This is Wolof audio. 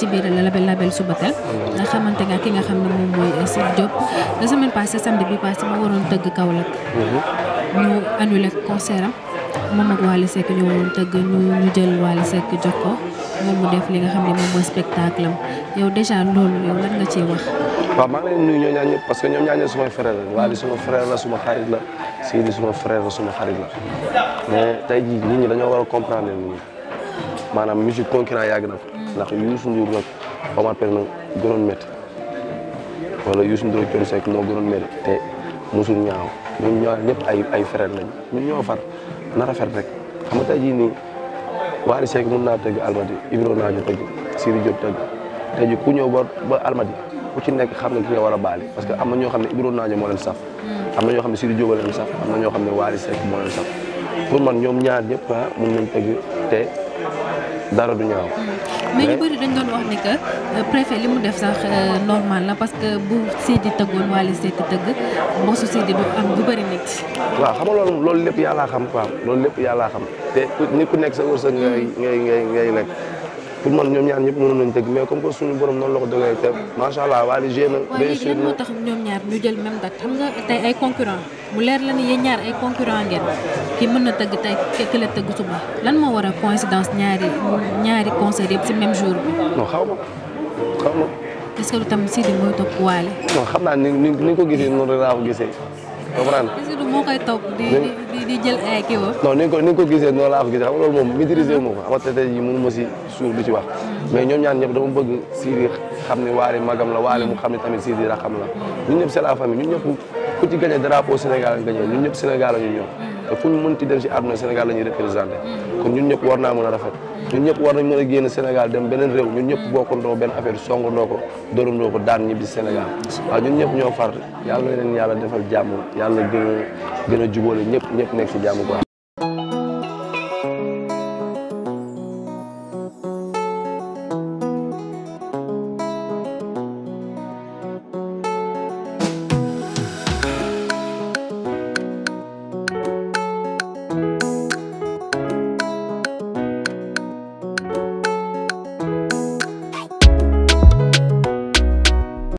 ci biir label label Subatel nga xamante nga ki nga xam ne moom mooy eh, Sidy Diop la semaine passée samedi bi passé ma waroon tëgg Kaolack mhm. ñu annulé concert am moom ak Wally Seck ñoo tëgg ñu jël Wally Seck jox ko moom def li nga xam ne moom mooy spectacle am déjà loolu yow lan nga ciy wax waaw maa ngi leen nuyu ñoo parce que ñoom ñaan ñëpp sumay frère la Wally suma frère la suma xarit la Sidy suma frère la suma xarit la mais tey jii nit ñi dañoo war a comprendre nit ñi maanaam musique concurrent yàgg na fa ndax Youssou Ndour nag Omar Pène nag gënoon métti wala Youssou Ndour ak Thione Seck moo gënoon métti te musul ñaaw ñun ñoo ñëpp ay ay frère lañ ñun ñoo far na rafet rek xam nga tey jii nii Wally Seck mun naa tëgg almadi Ibro Naajo tëgg Siri Diop tëgg tey jii ku ñëw ba ba almadi ci nekk xam nga ki war a parce que am na ñoo xam ne Ibro Naajo moo leen saf hmm. am na ñoo xam ne Siri Diop leen saf am na ñoo xam ne Wally Seck moo leen saf pour man ñoom ñaar ñëpp ah mun nañ tëgg te dara du ñaaw. mais ñu bëri dañ doon wax ni que euh, li mu def sax euh, normal la parce que bu Sidi tëggoon Wally Seck tëgg mbosu Sidi du am du bëri nit. waaw xam nga loolu lépp yàllaa xam quoi loolu yàllaa xam te ni ku nekk sa wërsëg ngay ngay ngay ngay lekk. pour man ñoom ñaar ñëpp mënoon mais comme suñu borom noonu la ko dogalee te macha ñu jël même date xam nga tey ay concurrent mu leer la ni yéen ñaar ay concurrent ngeen. kii mën na tëgg tey kële tëgg suba lan moo war a coïncidence ñaari ñaari concert si même jour bi. non xam naa ni ni ko gisee noonu laa ko gisee. moo koy topp di di di jël ay kii ko gisee noonu laa ko gisee xam nga loolu moom maîtriser wu ma ko xamante ne yi mënu si suur du ci wax. Mm. mais ñoom ñaan ñëpp dama bëgg Sidi xam ne waale magam la waale mu xam ne tamit Sidi raxam la ñun ñëpp c'est la famille ñun ñëpp ku ci gagné drapeau Sénégal gagné ñun ñëpp Sénégal la ñu ñëw mm. ak fu ñu mënti dem si àdduna Sénégal la ñuy représenté kon ñun ñëpp war naa mën a rafet ñun ñëpp war nañ mën a génn Sénégal dem beneen réew ñun ñëpp bokkandoo benn affaire songandoo ko dorandoo ko daan ñibbi Sénégal waaw ñun ñëpp ñoo far yàlla na leen yàlla defal jàmm yàlla gën a gën a jubóole ñëpp ñëpp nekk si jàmm quoi